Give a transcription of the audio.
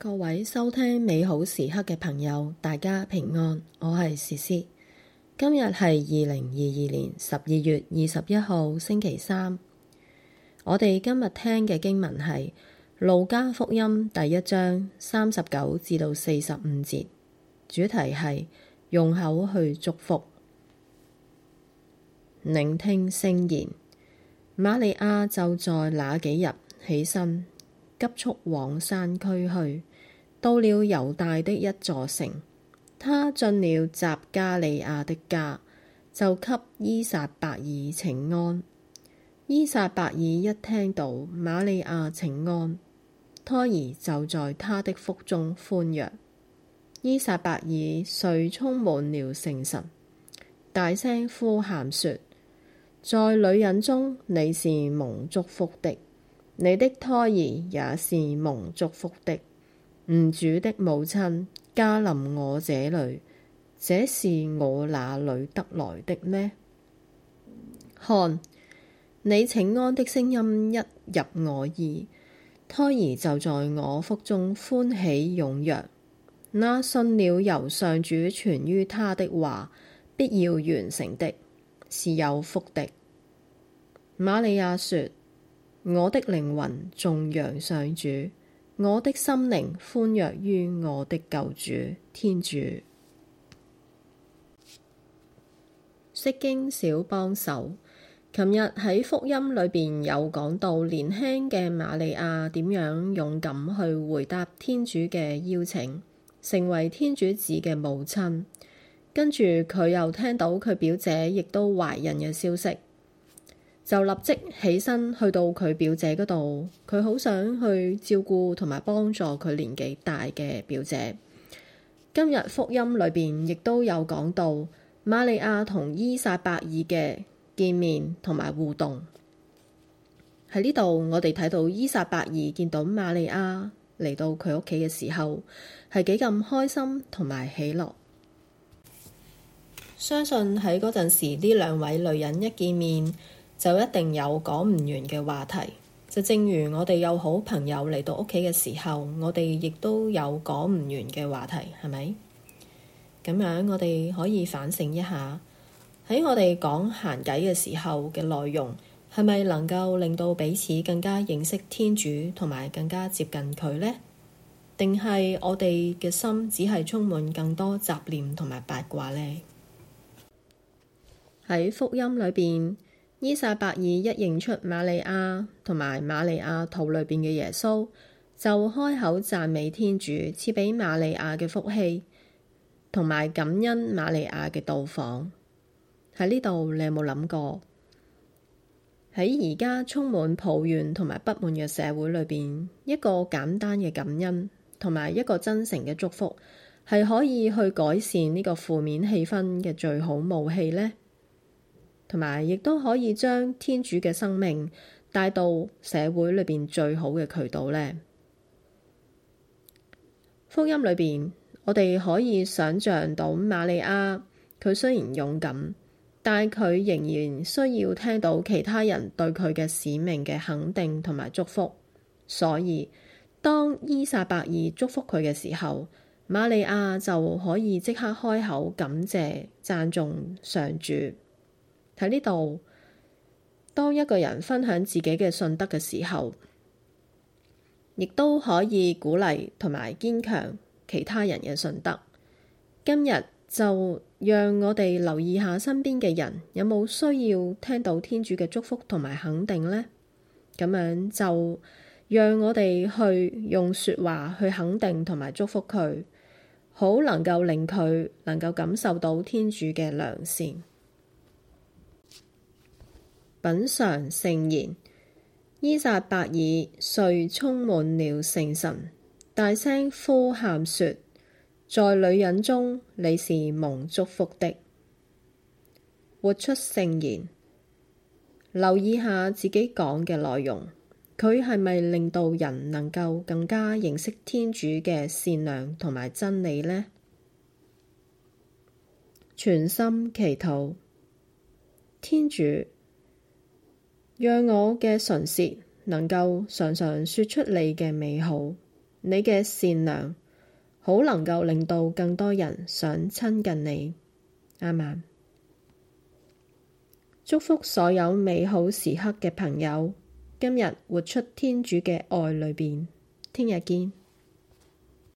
各位收聽美好時刻嘅朋友，大家平安，我係詩詩。今日係二零二二年十二月二十一號星期三。我哋今日聽嘅經文係路加福音第一章三十九至到四十五節，主題係用口去祝福，聆聽聖言。瑪利亞就在那幾日起身。急速往山區去，到了猶大的一座城，她進了匝加利亞的家，就給伊撒伯爾請安。伊撒伯爾一聽到瑪利亞請安，胎兒就在她的腹中歡躍。伊撒伯爾遂充滿了聖神，大聲呼喊說：在女人中你是蒙祝福的。你的胎兒也是蒙祝福的，吾主的母親駕臨我這裏，這是我哪裏得來的呢？看，你請安的聲音一入我耳，胎兒就在我腹中歡喜踊躍。那信了由上主傳於他的話，必要完成的，是有福的。瑪利亞說。我的靈魂頌揚上主，我的心靈歡躍於我的救主天主。釋經小幫手，琴日喺福音裏邊有講到年輕嘅瑪利亞點樣勇敢去回答天主嘅邀請，成為天主子嘅母親。跟住佢又聽到佢表姐亦都懷孕嘅消息。就立即起身去到佢表姐嗰度，佢好想去照顧同埋幫助佢年紀大嘅表姐。今日福音裏邊亦都有講到瑪利亞同依撒伯爾嘅見面同埋互動。喺呢度，我哋睇到依撒伯爾見到瑪利亞嚟到佢屋企嘅時候，係幾咁開心同埋喜樂。相信喺嗰陣時，呢兩位女人一見面，就一定有講唔完嘅話題，就正如我哋有好朋友嚟到屋企嘅時候，我哋亦都有講唔完嘅話題，係咪？咁樣我哋可以反省一下，喺我哋講閒偈嘅時候嘅內容，係咪能夠令到彼此更加認識天主，同埋更加接近佢呢？定係我哋嘅心只係充滿更多雜念同埋八卦呢？喺福音裏邊。伊撒伯爾一認出瑪利亞同埋瑪利亞肚裏邊嘅耶穌，就開口讚美天主，賜俾瑪利亞嘅福氣，同埋感恩瑪利亞嘅到訪。喺呢度，你有冇諗過？喺而家充滿抱怨同埋不滿嘅社會裏邊，一個簡單嘅感恩同埋一個真誠嘅祝福，係可以去改善呢個負面氣氛嘅最好武器呢？同埋，亦都可以將天主嘅生命帶到社會裏邊最好嘅渠道呢？福音裏邊，我哋可以想像到瑪利亞，佢雖然勇敢，但佢仍然需要聽到其他人對佢嘅使命嘅肯定同埋祝福。所以，當依撒伯爾祝福佢嘅時候，瑪利亞就可以即刻開口感謝讚頌上主。喺呢度，當一個人分享自己嘅信德嘅時候，亦都可以鼓勵同埋堅強其他人嘅信德。今日就讓我哋留意下身邊嘅人有冇需要聽到天主嘅祝福同埋肯定呢？咁樣就讓我哋去用說話去肯定同埋祝福佢，好能夠令佢能夠感受到天主嘅良善。品嚐聖言，依撒伯爾遂充滿了聖神，大聲呼喊說：在女人中，你是蒙祝福的。活出聖言，留意下自己講嘅內容，佢係咪令到人能夠更加認識天主嘅善良同埋真理呢？全心祈禱，天主。讓我嘅唇舌能夠常常說出你嘅美好，你嘅善良，好能夠令到更多人想親近你。阿們，祝福所有美好時刻嘅朋友，今日活出天主嘅愛裏邊，聽日見。